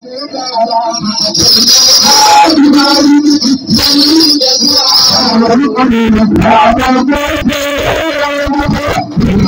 Thank you.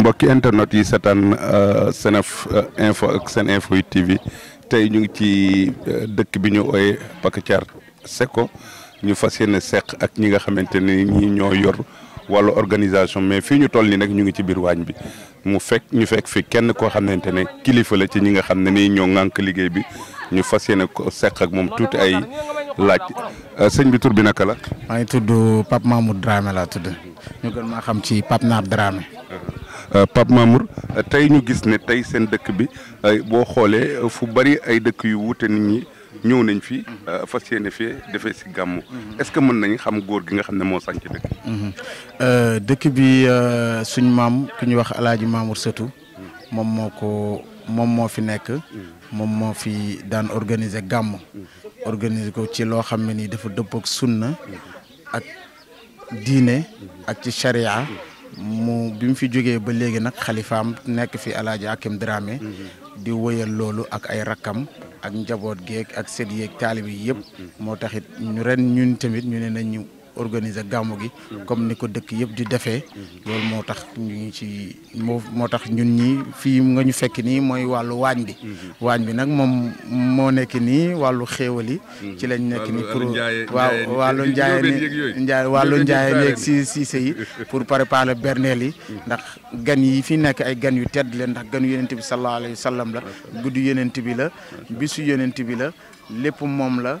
mbokki internet yi seetaan euh, Senef euh, info ak Sen Info TV tey ñu ngi ci euh, dëkk bi ñu ooyee Pakacaar Secco ñu fas yéene seq ak ñi nga xamante ni ñi ñoo yor wàllu organisation mais fii ñu toll nii nag ñu ngi ci biir waañ bi mu fekk ñu fekk fi kenn koo xamante ne kilifa la ci ñi nga xam ne nii ñoo ŋànk liggéey bi ñu fas yéene ko seq ak moom tuuti ay laaj sëñ bi tur la. maa ngi tudd Pape Mahmoud Dramé laa tudd ñu gën maa xam ci Pape Naar Dramé. Euh, Pape Mamour euh, tey ñu gis ne tey seen dëkk bi boo xoolee euh, fu bari ay dëkk yu wuute nit ñi ñëw nañ fi fas yéene fee defee si gàmmu mhm. est-ce que mën nañ xam góor gi nga xam ne moo sànc dëkk bi mhm. dëkk bi suñ maam ku ñuy wax alaaji Mamour Sëtu mhm. moom moo ko moom moo fi nekk moom moo fi daan organiser gàmmu organiser ko ci loo xam ne nii dafa dëpp ak sunna ak diine ak ci charia mu bi mu fi jógee ba léegi nag xalifaam nekk fi alaaji Hakim Dramé mm-hmm. di wëyal loolu ak ay rakkam ak njaboot geeg ak sët yeeg taalibe yi yëpp mm-hmm. moo taxit ñu ren ñun tamit ñu ne nañu organiser gàmbu gi comme ni ko dëkk yëpp di defee loolu moo tax ñu ci moo moo tax ñun ñi fii nga ñu fekk nii mooy wàllu waañ bi waañ bi nag moom moo nekk nii wàllu xéewal yi ci lañ nekk ni pour waaw wàllu njaaye si siise yi pour préparer berneel yi ndax gan yi fi nekk ay gan yu tedd leen ndax gan yu bi sallallahu alayhi wa sallam la guddi yenent bi la bisu yeneent bi la lépp moom la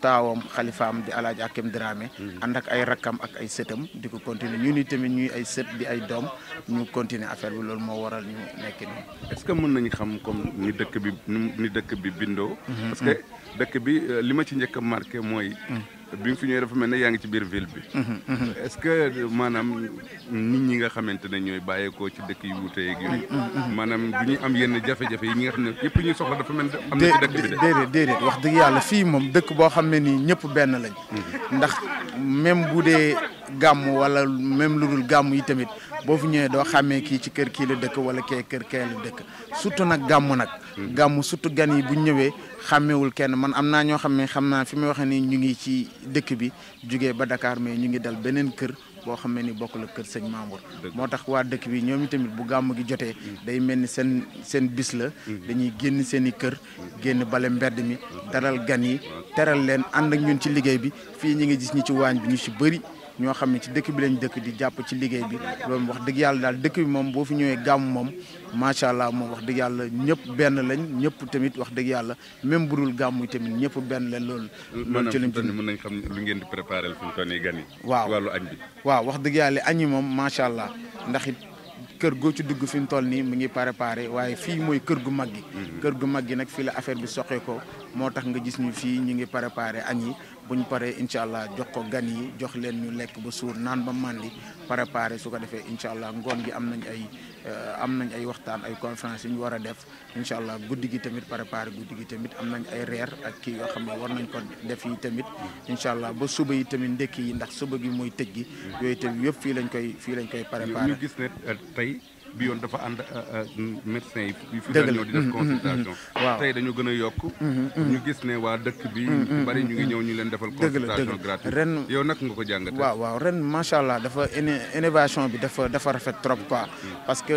taawam xalifaam di alaaji Akim Dramé mm-hmm. ànd ak ay rakkam ak ay sëtam di ko continuer ñu ni tamit ñuy ay sët di ay doom ñu continuer affaire bi loolu moo waral ñu nekk nii. est que mën nañu xam comme ni dëkk bi ni dëkk bi bindoo mm-hmm. parce dëkk bi euh, li ma ci njëkk a marqué mooy mm. bi nga fi ñëwee dafa mel ne yaa ngi ci biir ville bi. Mm-hmm. est-ce que ñi nga xamante ne ñooy bàyyeekoo ci dëkk yu wuute yeeg yooyu. Mm-hmm. maanaam du ñu am yenn jafe-jafe yi ñi nga xam ne yëpp ñu soxla dafa mel ne am na ci dëkk bi de. déedéet déedéet wax dëgg yàlla fii moom dëkk boo xam ne nii ñëpp benn lañ. Mm-hmm. ndax même bu gàmm wala même lu dul gàmm yi tamit boo fi ñëwee doo xàmmee kii ci kër kii la dëkk wala kee kër kee la dëkk surtout nag gàmm nag. Hmm. gàmm surtout gan yi bu ñëwee xàmmewul kenn man am naa ñoo xam ne xam naa fi muy waxee nii ñu ngi ci dëkk bi jógee ba dakaar mais ñu ngi dal beneen kër. boo xam ne ni bokk la kër sëñ Mamour moo tax waa dëkk bi ñoom tamit bu gàmm gi jotee hmm. day mel ni seen seen bis la hmm. dañuy génn seen i kër génn bale mbedd mi dalal gan yi teral leen ànd ak ñun ci liggéey bi fii ñi ngi gis ñi ci waañ bi ñu ci bëri ñoo xam ne ci dëkk bi lañ dëkk di jàpp ci liggéey bi loolu wax dëgg yàlla daal dëkk bi moom boo fi ñëwee gàmm moom macha allah moom wax dëgg yàlla ñëpp benn lañ ñëpp tamit wax dëgg yàlla même bu dul gàmm tamit ñëpp benn lañ loolu. loolu ci lañ ci mën nañ xam lu ngeen di préparé fi mu toll nii gan yi. waaw wàllu añ bi. waaw wax dëgg yàlla añ yi moom macha allah ndax it kër goo ci dugg fi mu toll nii mu ngi préparé waaye fii mooy kër gu mag gi. Mhm. kër gu mag gi nag fii la affaire bi soxee ko moo tax nga gis fii ñu ngi préparé añ yi bu ñu paree incha allah jox ko gan yi jox leen ñu lekk ba suur naan ba màndi préparé su ko defee incha allah ngoon gi am nañ ay euh, am nañ ay waxtaan ay conférence yu ñu war a def incha allah guddi gi tamit préparé guddi gi tamit am nañ ay reer ak kii yoo xam ne war nañ ko def yi tamit incha allah ba suba yi tamit ndëkk yi ndax suba gi mooy tëj gi yooyu tamit yëpp fii lañ koy fii lañ koy préparé ñu gis ne euh, tey bi yoon dafa ànd euh, euh, médecin yi fi daan ñëw di def mm-hmm, mm-hmm, mm-hmm. consultation tey dañoo gën a yokk ñu gis ne waa dëkk bi bari ñu ngi ñëw ñu leen defal consultation gratuite ren yow nag nga ko jàngat waaw waaw ren macha allah dafa innovation bi dafa dafa rafet trop mm. parce que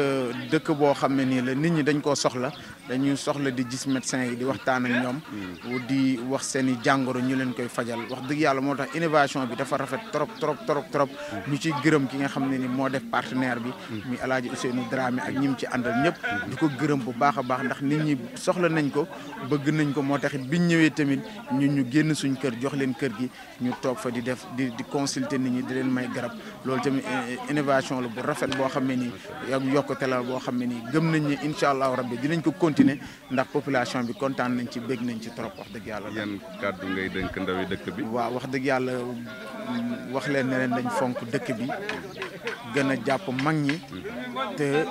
dëkk boo xam ne nii la nit ñi dañ koo soxla dañuy soxla di gis médecin yi di waxtaan ak ñoom mm. di wax seen jàngoro ñu leen koy fajal wax dëgg yàlla moo tax innovation bi dafa rafet trop trop trop trop mm. ñu ciy gërëm ki nga xam ne ni moo def partenaire bi muy alaaji Ousseynou Lamine ak ñi mu ci àndal ñëpp di ko gërëm bu baax a baax ndax nit ñi soxla nañ ko bëgg nañ ko moo taxit biñ ñëwee tamit ñun ñu génn suñ kër jox leen kër gi ñu toog fa di def di di consulter nit ñi di leen may garab loolu tamit eh, innovation la bu rafet boo xam ne nii ak yokkute boo xam ne nii gëm nañ ne incha allahu rabbi dinañ ko continuer ndax population bi kontaan nañ ci bég nañ ci trop wax dëgg yàlla. yan kàddu ngay dénk ndaw yi dëkk bi. waaw dëgg yàlla wax leen ne leen dañ fonk dëkk bi gën a jàpp mag ñi. te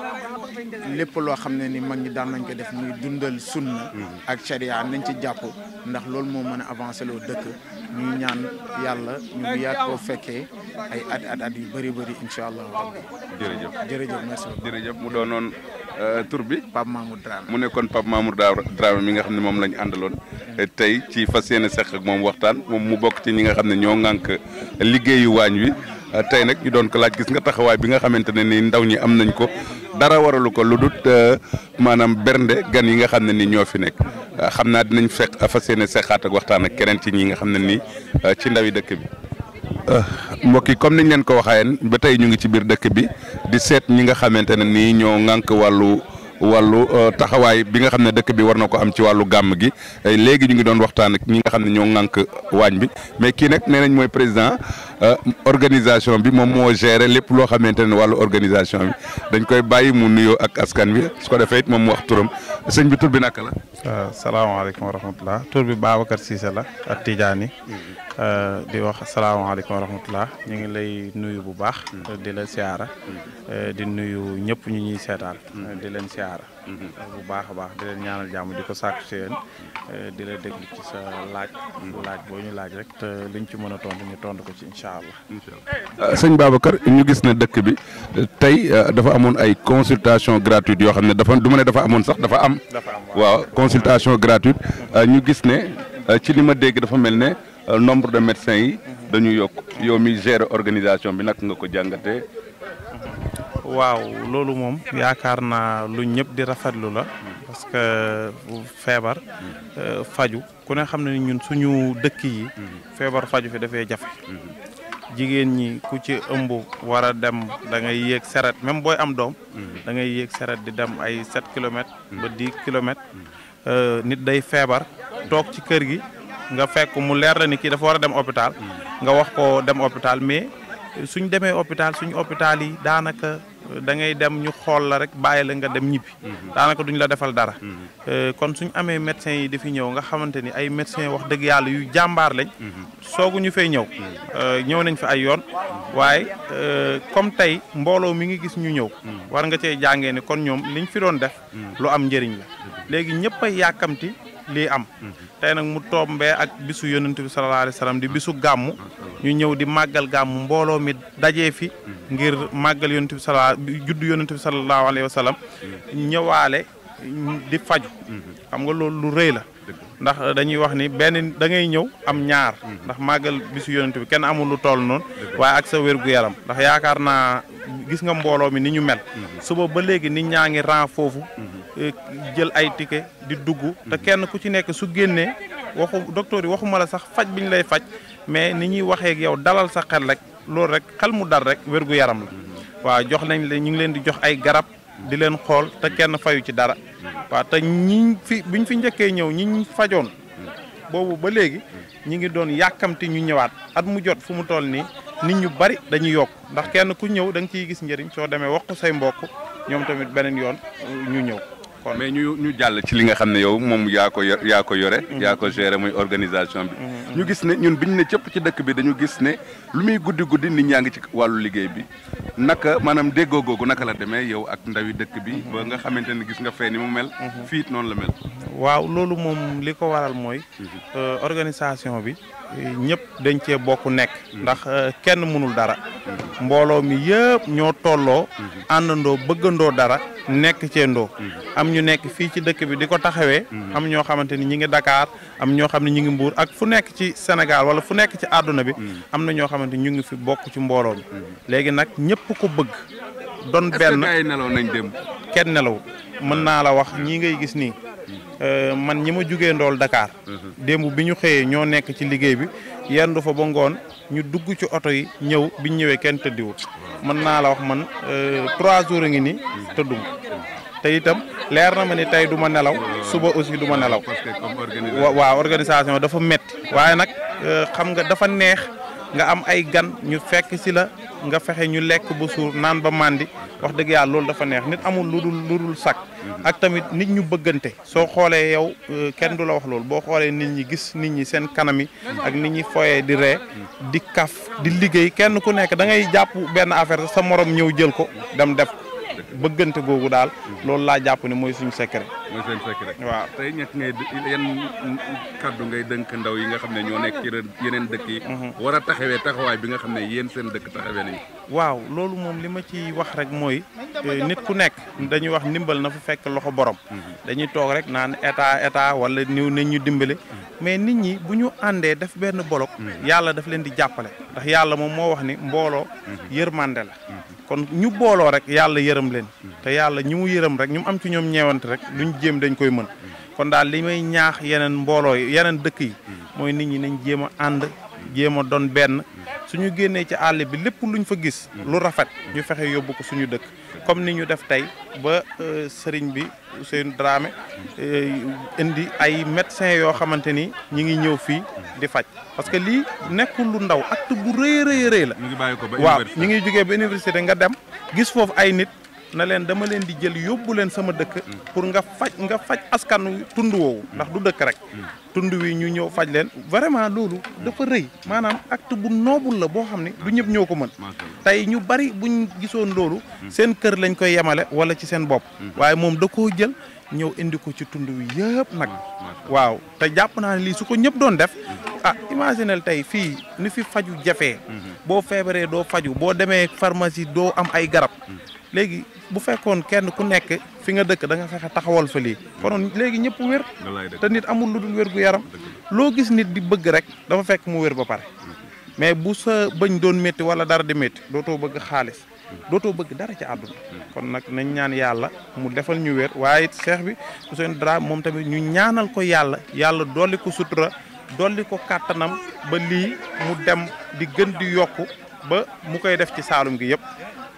lépp loo xam ne ni mag ñi daan nañ ko def muy dundal sunna ak charia nañ ci jàpp ndax loolu moo mën a avancer loo dëkk ñuy ñaan yàlla ñu yaat koo fekkee ay at at at yu bëri bëri incha allah rabbi jërëjëf jërëjëf merci jërëjëf mu doonoon euh, tur bi Pape Mamour Dramé mu nekkoon Pape Mamour Dramé mi nga xam ne moom lañu ñu àndaloon mm-hmm. tey ci fas yéene seq ak moom waxtaan moom mu bokk ci ñi nga xam ne ñoo ŋànk liggéeyu waañ wi Euh, tey nag ñu doon ko laaj gis nga taxawaay bi nga xamante ne ni ndaw ñi am nañ ko dara waralu ko lu dut euh, maanaam bernde gan yi nga xam ne ni ñoo fi nekk euh, xam naa dinañ fekk fas yéene seqaat ak waxtaan ak ci ñi nga xam ne nii ci ndaw dëkk bi. mbokk yi comme niñ leen ko waxee ba tey ñu ngi ci biir dëkk bi di seet ñi nga xamante ne nii ñoo ŋànk wàllu. wàllu taxawaay bi nga xam ne dëkk bi war na ko am ci wàllu gàmm gi léegi ñu ngi doon waxtaan ak ñi nga xam ne ñoo ŋànk waañ bi mais kii nag nee nañ mooy président Euh, organisation bi moom moo gérer lépp loo xamante ne wàllu organisation bi dañ koy bàyyi mu nuyoo ak askan bi su ko defee it moom mu wax turam sëñ bi tur bi naka la. waaw euh, salaamaaleykum wa rahmatulah tur bi Babacar Cissé la ak Tidjani euh, di wax salaamaaleykum wa rahmatulah ñu ngi lay nuyu bu baax. di la siyaara. di nuyu ñëpp ñu ñuy seetaan. di leen siyaara. bu baax a baax di leen ñaanal jàmm di ko sàkku si yéen di la déglu ci sa laaj. laaj boo ñu laaj rek te ci mën a tontu ñu tontu ko ci allah euh, sëñ Babacar ñu gis ne dëkk bi tey euh, dafa amoon ay consultation gratuite yoo xam ne dafa du ma ne dafa amoon sax dafa am waaw consultation gratuite euh, ñu gis ne ci li ma dégg dafa mel ne nombre de médecins yi dañu yokk yow mi gérer organisation bi nag nga ko jàngatee waaw loolu moom yaakaar naa lu ñëpp di rafetlu la parce que feebar faju ku ne xam ne ñun suñu dëkk yi mm-hmm. feebar faju fi dafay jafe mm-hmm. jigéen ñi ku ci ëmb war a dem da ngay yéeg seret même booy am doom mm-hmm. da ngay yéeg seret di dem ay 7 kilomètres mm-hmm. ba 10 kilomètres mm-hmm. euh, nit day feebar toog ci kër gi nga fekk mu leer la ni kii dafa war a dem hôpital nga wax ko dem hôpital mais suñ demee hôpital suñ hôpital yi daanaka da ngay dem ñu xool la rek bàyyi la nga dem ñibbi mhm. daanaka duñ la defal dara mhm. euh, kon suñ amee médecins yi di fi ñëw nga xamante ni ay médecins wax dëgg yàlla yu jàmbaar lañ mhm. soogu ñu fay ñëw euh, ñëw nañ fi ay yoon waaye euh, comme tey mbooloo mi ngi gis ñu ñëw war nga cee jàngee ni kon ñoom liñ fi doon def lu am njëriñ la léegi ñëpp yàkkamti lii am tey nag mu tombee ak bisu yonent bi sallallahu alayhi wa sallam di bisu gàmmu ñu ñëw di màggal gàmmu mbooloo mi dajee fi ngir màggal yonent bi sallallahu juddu yonent bi sallallahu alayhi wa ñëwaale di faju xam nga loolu lu rëy la ndax dañuy wax ni benn da ngay ñëw am ñaar ndax màggal bisu yonent bi kenn amul lu tool noonu waaye ak sa wér-gu-yaram ndax yaakaar naa gis nga mbooloo mi ni ñu mel suba ba léegi nit ñaa ngi ran foofu jël ay ticket di dugg. te kenn ku ci nekk su génnee waxu docteur yi waxuma la sax faj bi ñu lay faj mais ni ñuy waxee ak yow dalal sa xel rek loolu rek xel mu dal rek wérgu yaram la. jox nañ leen ñu ngi leen di jox ay garab di leen xool te kenn fayu ci dara. waa te ñi fi biñ fi njëkkee ñëw ñi ñu fajoon. boobu ba léegi ñi ngi doon yàkkamti ñu ñëwaat at mu jot fu mu toll nii nit ñu bari dañuy yokk ndax kenn ku ñëw danga ciy gis njëriñ soo demee wax say mbokk ñoom tamit beneen yoon ñëw. d'accord mais ñu ñu jàll ci li nga xam ne yow moom yaa ko yaa ko yore. Mhm. yaa ko gérer mooy organisation bi. Mhm. ñu gis ne ñun biñ ne cëpp ci dëkk bi dañu gis ne lu muy guddi guddi nit ñaa ngi ci wàllu liggéey bi naka maanaam déggoo googu naka la demee yow ak ndawi dëkk bi. Mhm. ba nga xamante ne gis nga fee ni mu mel. fiit it noonu la mel. waaw loolu moom li ko waral mooy. Euh, organisation bi. ñëpp dañ cee bokk nekk ndax euh, kenn mënul dara mbooloo mi yëpp ñoo tolloo àndandoo bëggandoo dara nekk ceendoo am ñu nekk fii ci dëkk bi di ko taxawee am ñoo xamante ni ñi ngi dakaar am ñoo xam ne ñu ngi Mbuur ak fu nekk ci Sénégal wala fu nekk ci àdduna bi am na ñoo xamante ñu ngi fi bokk ci mbooloo mi léegi nag ñëpp ko bëgg doon benn ay nelaw nañ dem kenn nelaw mën naa la wax ñii ngay gis nii Euh, man ñi ma jugee ndool Dakar. Mhm. démb bi ñu xëyee ñoo nekk ci liggéey bi yendu fa ba ngoon ñu dugg ci oto yi ñëw bi ñu ñëwee kenn tëddiwul mën naa la wax man euh, trois jours a ngi ni nii tëddum te itam leer na ma ni tey du ma nelaw suba aussi du ma nelaw. waaw organisation dafa metti waaye nag euh, xam nga dafa neex nga am ay gan ñu fekk si la. nga fexe ñu lekk ba suur naan ba màndi wax dëgg yàlla loolu dafa neex nit amul lu dul lu dul ak tamit nit ñu bëggante soo xoolee yow euh, kenn du la wax loolu boo xoolee nit ñi gis nit ñi seen kanam ak nit ñi foyee di ree di kaf di liggéey kenn ku nekk da ngay jàpp benn affaire sa moroom ñëw jël ko dem def bëggante googu daal loolu laa jàpp ne mooy suñu secret. mooy suñu secret waaw tey ñett ngay yan kaddu ngay dënk ndaw yi nga xam ne ñoo nekk ci yeneen dëkk yi. Mhm. war a taxawee taxawaay bi nga xam ne yéen seen dëkk taxawee nañu. waaw loolu moom li ma ci wax rek mooy eh, nit ku nekk dañuy wax ndimbal na fu fekk loxo borom. Mhm. dañuy toog rek naan état état wala ñëw nañ ñu dimbale. Mhm. mais nit ñi bu ñu àndee def benn bolok. yàlla daf leen di jàppale ndax yàlla moom moo wax ni mbooloo yërmande la. kon ñu booloo rek yàlla yërëm leen te yàlla ñi mu yërëm rek ñu mu am ci ñoom ñeewante rek luñ jéem dañ koy mën kon daal li may ñaax yeneen mbooloo yeneen dëkk yi mm. mooy nit ñi nañ jéem a ànd jéem a doon benn su ñu génnee ci àll bi lépp lu ñu fa gis lu rafet ñu fexe yóbbu ko suñu dëkk comme ni ñu def tey ba euh, sëriñ bi Ousseynou Dramé euh, indi ay médecins yoo xamante ni ñu ngi ñëw fii di faj parce que lii nekkul lu ndaw acte bu rëy rëy rëy la waaw ñu ngi jógee ba université nga dem gis foofu ay nit na leen dama leen di jël yóbbu leen sama dëkk pour nga faj nga faj askanu tund woowu ndax du dëkk rek tund wi ñu ñëw faj leen vraiment loolu dafa rëy maanaam acte bu noble la boo xam ne du ñëpp ñëw ko mën tey ñu bari buñ gisoon loolu seen kër lañ koy yemale wala ci seen bopp mm. waaye moom da koo jël ñëw indi ko ci tund wi yëpp nag waaw te jàpp naa ne lii su ko ñëpp doon def mm. ah imaginel tey fii ni fi faju jafe mm-hmm. boo feebaree doo faju boo demee pharmacie doo am ay garab mm. léegi bu fekkoon kenn ku nekk fi nga dëkk da nga fexe taxawal fa lii konoon léegi ñëpp wér te nit amul lu dul wér gu yaram loo gis nit di bëgg rek dafa fekk mu wér ba pare mm-hmm. mais bu sa bëñ doon métti wala dara di métti dootoo bëgg xaalis mm-hmm. dootoo bëgg dara ci àdduna mm-hmm. kon nag nañ ñaan yàlla mu defal ñu wér waaye it seex bi Ousseynou Dramé moom tamit ñu ñaanal ko yàlla yàlla dolli ko sutura dolli ko kàttanam ba lii mu dem di gën di yokku ba mu koy def ci saalum gi yëpp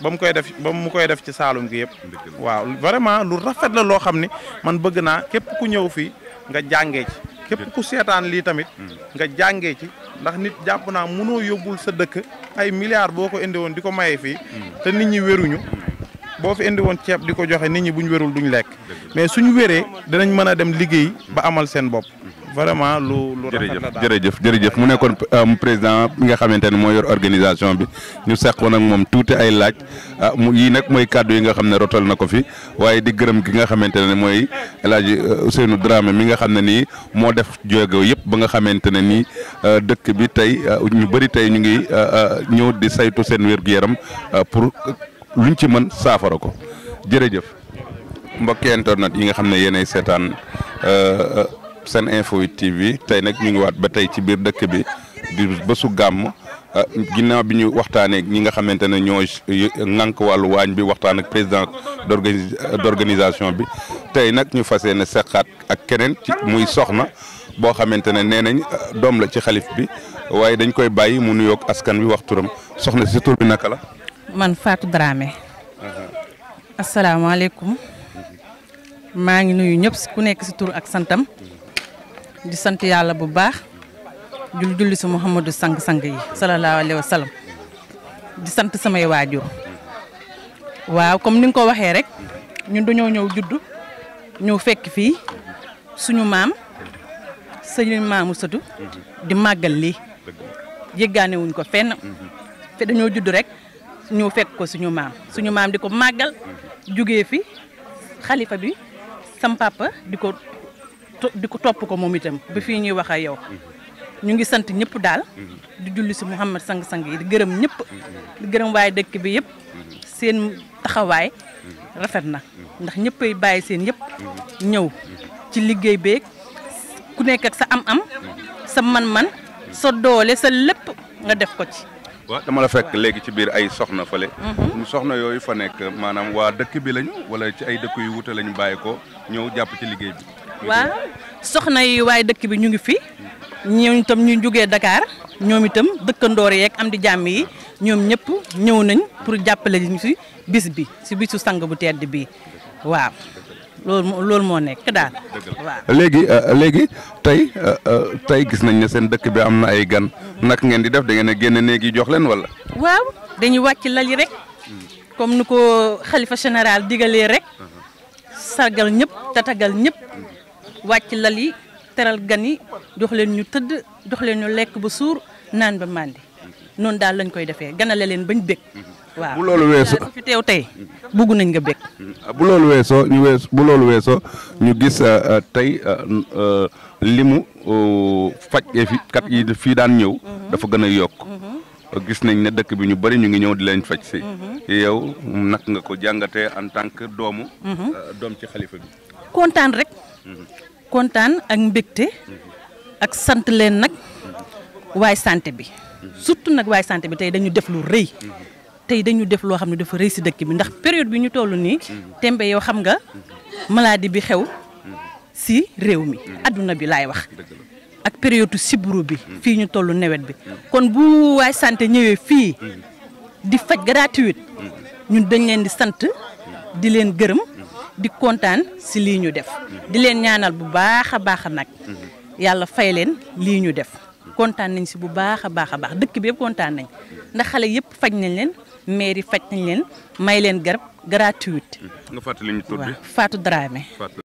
ba mu koy def ba mu koy def ci saalum gi yëpp waaw vraiment lu rafet la loo xam ni man bëgg naa képp ku ñëw fii nga jàngee ci képp ku seetaan lii tamit mm. nga jàngee ci ndax nit jàpp naa mënoo yóbbul sa dëkk ay milliards boo ko indi woon di ko maye fii mm. te nit ñi wéruñu mm. boo fi indi woon ceeb di ko joxe nit ñi buñ wérul duñ lekk mais suñu wéree danañ mën a dem liggéey ba amal seen bopp vraiment lu lu jërëjëf jërëjëf mu nekkoon euh, président bi nga xamante ne moo yor organisation bi ñu seqoon ak moom tuuti ay laaj ah, mu yii nag mooy kàddu yi nga xam ne rotal na ko fi waaye di gërëm gi nga xamante ne mooy El Hadj euh, Ousseynou Dramé mi nga xam ne nii moo def jéego yëpp ba nga xamante ne nii euh, dëkk bi tey ñu bëri tey ñu ngi ñëw di saytu seen wér-gu-yaram pour luñ ci mën saafara ko jërëjëf mbokki internet yi nga xam ne yéenay seetaan. seen info 8 TV tey nag ñu ngi waat ba tey ci biir dëkk bi di bésu gàmm ah, ginnaaw bi ñu waxtaanee ñi nga xamante ne ñoo ŋànk wàllu waañ bi waxtaan ak président d' organisation bi tey nag ñu fas yéene seqaat ak keneen muy soxna boo xamante ne nee nañ ah, doom la ci xalif bi waaye dañ koy bàyyi mu nuyook askan wi wax turam soxna si bi naka la. man Fatou Dramé. Uh-huh. asalaamaaleykum. maa ngi nuyu ñëpp ku nekk si tur ak santam. di sant yàlla bu baax jul julli si Mouhamadou sang-sang yi salallaahu alayhi wa di sant samay waajur waaw comme ni nga ko waxee rek ñun dañoo ñëw judd ñëw fekk fii suñu maam sëñu maamu sëtu màggal lii jéggaane ko fenn dañoo judd rek ñëw fekk ko suñu maam suñu maam di ko màggal jóge fi xalifa bi sam di ko di ko topp ko moom itam ba fii ñuy wax ak yow ñu ngi sant ñëpp daal di julli si Mouhamed sang-sang yi di gërëm ñëpp di gërëm waaye dëkk bi yépp seen taxawaay rafet na ndax ñëppay bàyyi seen yëpp ñëw ci liggéey beeg ku nekk ak sa am-am sa man-man sa doole sa lépp nga def ko ci waaw dama la fekk léegi ci biir ay soxna fale mhm. mu soxna yooyu fa nekk maanaam waa dëkk bi lañu wala ci ay dëkk yu wuute lañu bàyyi ko ñëw jàpp ci liggéey bi waaw soxna yi waaye dëkk bi ñu ngi fi ñoom itam ñu jógee dakaar ñoom itam dëkkandoor yeeg am di jàmm yi ñoom ñëpp ñëw nañ pour jàppale ñu si bis bi si bisu sang bu tedd bi waaw loolu moo nekk daal léegi euh, léegi tey euh, euh, tey gis nañ ne seen dëkk bi am na ay gan nak ngeen di def da ngeen a génne néegi jox leen wala. waaw dañuy wàcc lal yi rek comme nu ko xalifa général digalee rek sargal ñëpp tatagal ñëpp. wàcc lal yi teral gan yi jox leen ñu tëdd jox leen ñu lekk ba suur naan ba màndi noonu daal lañ koy defee ganale leen bañ bég bu loolu weesoo fi teew tey nañ nga bég bu loolu weesoo ñu bu loolu weesoo ñu gis euh, euh, tey euh, limu fajkat yi fii daan ñëw mhm. dafa gën a yokk mhm. gis nañ ne dëkk bi ñu bari ñu ngi ñëw di leen faj si mhm. yow nag nga ko jàngate en tant que doomu doom ci xalifa bi kontaan rek kontaan ak mbégte ak sant leen nag waay santé bi surtout nag waay santé bi tey dañu def lu rëy tey dañu def loo xam ne dafa rëy si dëkk bi ndax période bi ñu toll nii tembe yow xam nga maladie bi xew si réew mi adduna bi laay wax ak période sibru bi fii ñu tollu nawet bi kon bu waay santé ñëwee fii di faj gratuite ñun dañ leen di sant di leen gërëm di kontaan si lii ñu def di leen ñaanal bu baax a baax a nag yàlla fay leen lii ñu def kontaan nañ si bu baax a baax a baax dëkk bi yëpp kontaan nañ ndax xale yëpp faj nañ leen yi faj nañ leen may leen garab gratuite. nga fàttali ñu tur